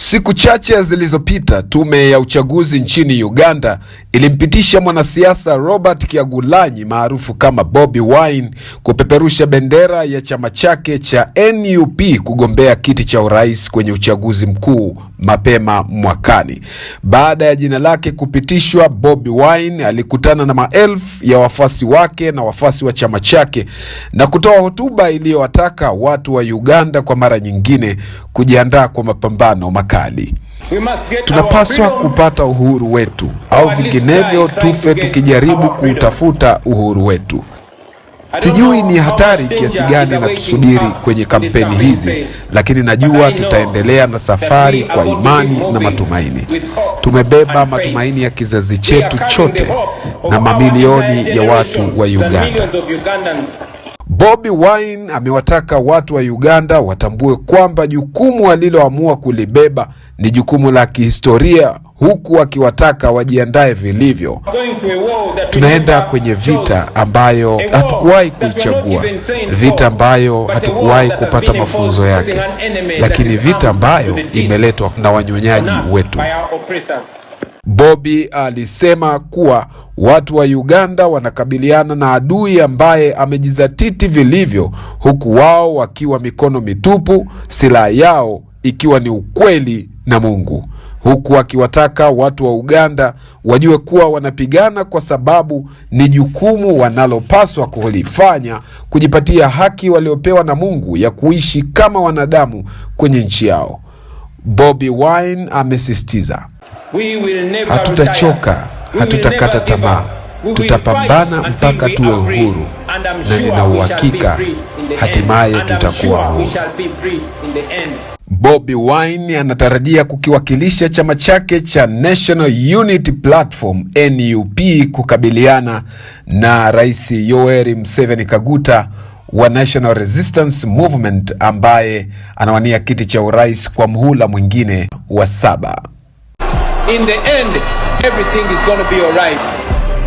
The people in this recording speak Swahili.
Siku chache zilizopita tume ya uchaguzi nchini Uganda ilimpitisha mwanasiasa Robert Kyagulanyi maarufu kama Bobi Wine kupeperusha bendera ya chama chake cha NUP kugombea kiti cha urais kwenye uchaguzi mkuu mapema mwakani. Baada ya jina lake kupitishwa, Bobi Wine alikutana na maelfu ya wafuasi wake na wafuasi wa chama chake na kutoa hotuba iliyowataka watu wa Uganda kwa mara nyingine kujiandaa kwa mapambano makali. Tunapaswa kupata uhuru wetu au vinginevyo tufe tukijaribu kuutafuta uhuru wetu. Sijui ni hatari kiasi gani na tusubiri kwenye kampeni hizi, lakini najua tutaendelea na safari kwa imani na matumaini. Tumebeba matumaini ya kizazi chetu chote na mamilioni ya watu wa Uganda. Bobi Wine amewataka watu wa Uganda watambue kwamba jukumu aliloamua kulibeba ni jukumu la kihistoria huku akiwataka wajiandae vilivyo. Tunaenda kwenye vita ambayo hatukuwahi kuichagua, vita ambayo hatukuwahi kupata mafunzo yake, lakini vita ambayo imeletwa na wanyonyaji wetu. Bobi alisema kuwa watu wa Uganda wanakabiliana na adui ambaye amejizatiti vilivyo, huku wao wakiwa mikono mitupu, silaha yao ikiwa ni ukweli na Mungu huku akiwataka watu wa Uganda wajue kuwa wanapigana kwa sababu ni jukumu wanalopaswa kulifanya kujipatia haki waliopewa na Mungu ya kuishi kama wanadamu kwenye nchi yao. Bobi Wine amesisitiza, hatutachoka, hatutakata tamaa, tutapambana mpaka tuwe uhuru, na nina uhakika hatimaye tutakuwa huru. Bobi Wine anatarajia kukiwakilisha chama chake cha National Unity Platform NUP kukabiliana na Rais Yoweri Museveni Kaguta wa National Resistance Movement ambaye anawania kiti cha urais kwa mhula mwingine wa saba. In the end, everything is gonna be alright.